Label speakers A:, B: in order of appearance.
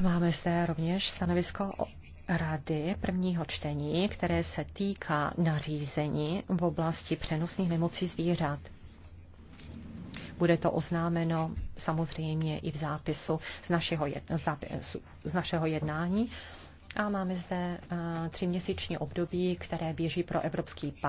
A: Máme zde rovněž stanovisko rady prvního čtení, které se týká nařízení v oblasti přenosných nemocí zvířat. Bude to oznámeno samozřejmě i v zápisu z našeho, jedna, zápisu, z našeho jednání. A máme zde eh, měsíční období, které běží
B: pro Evropský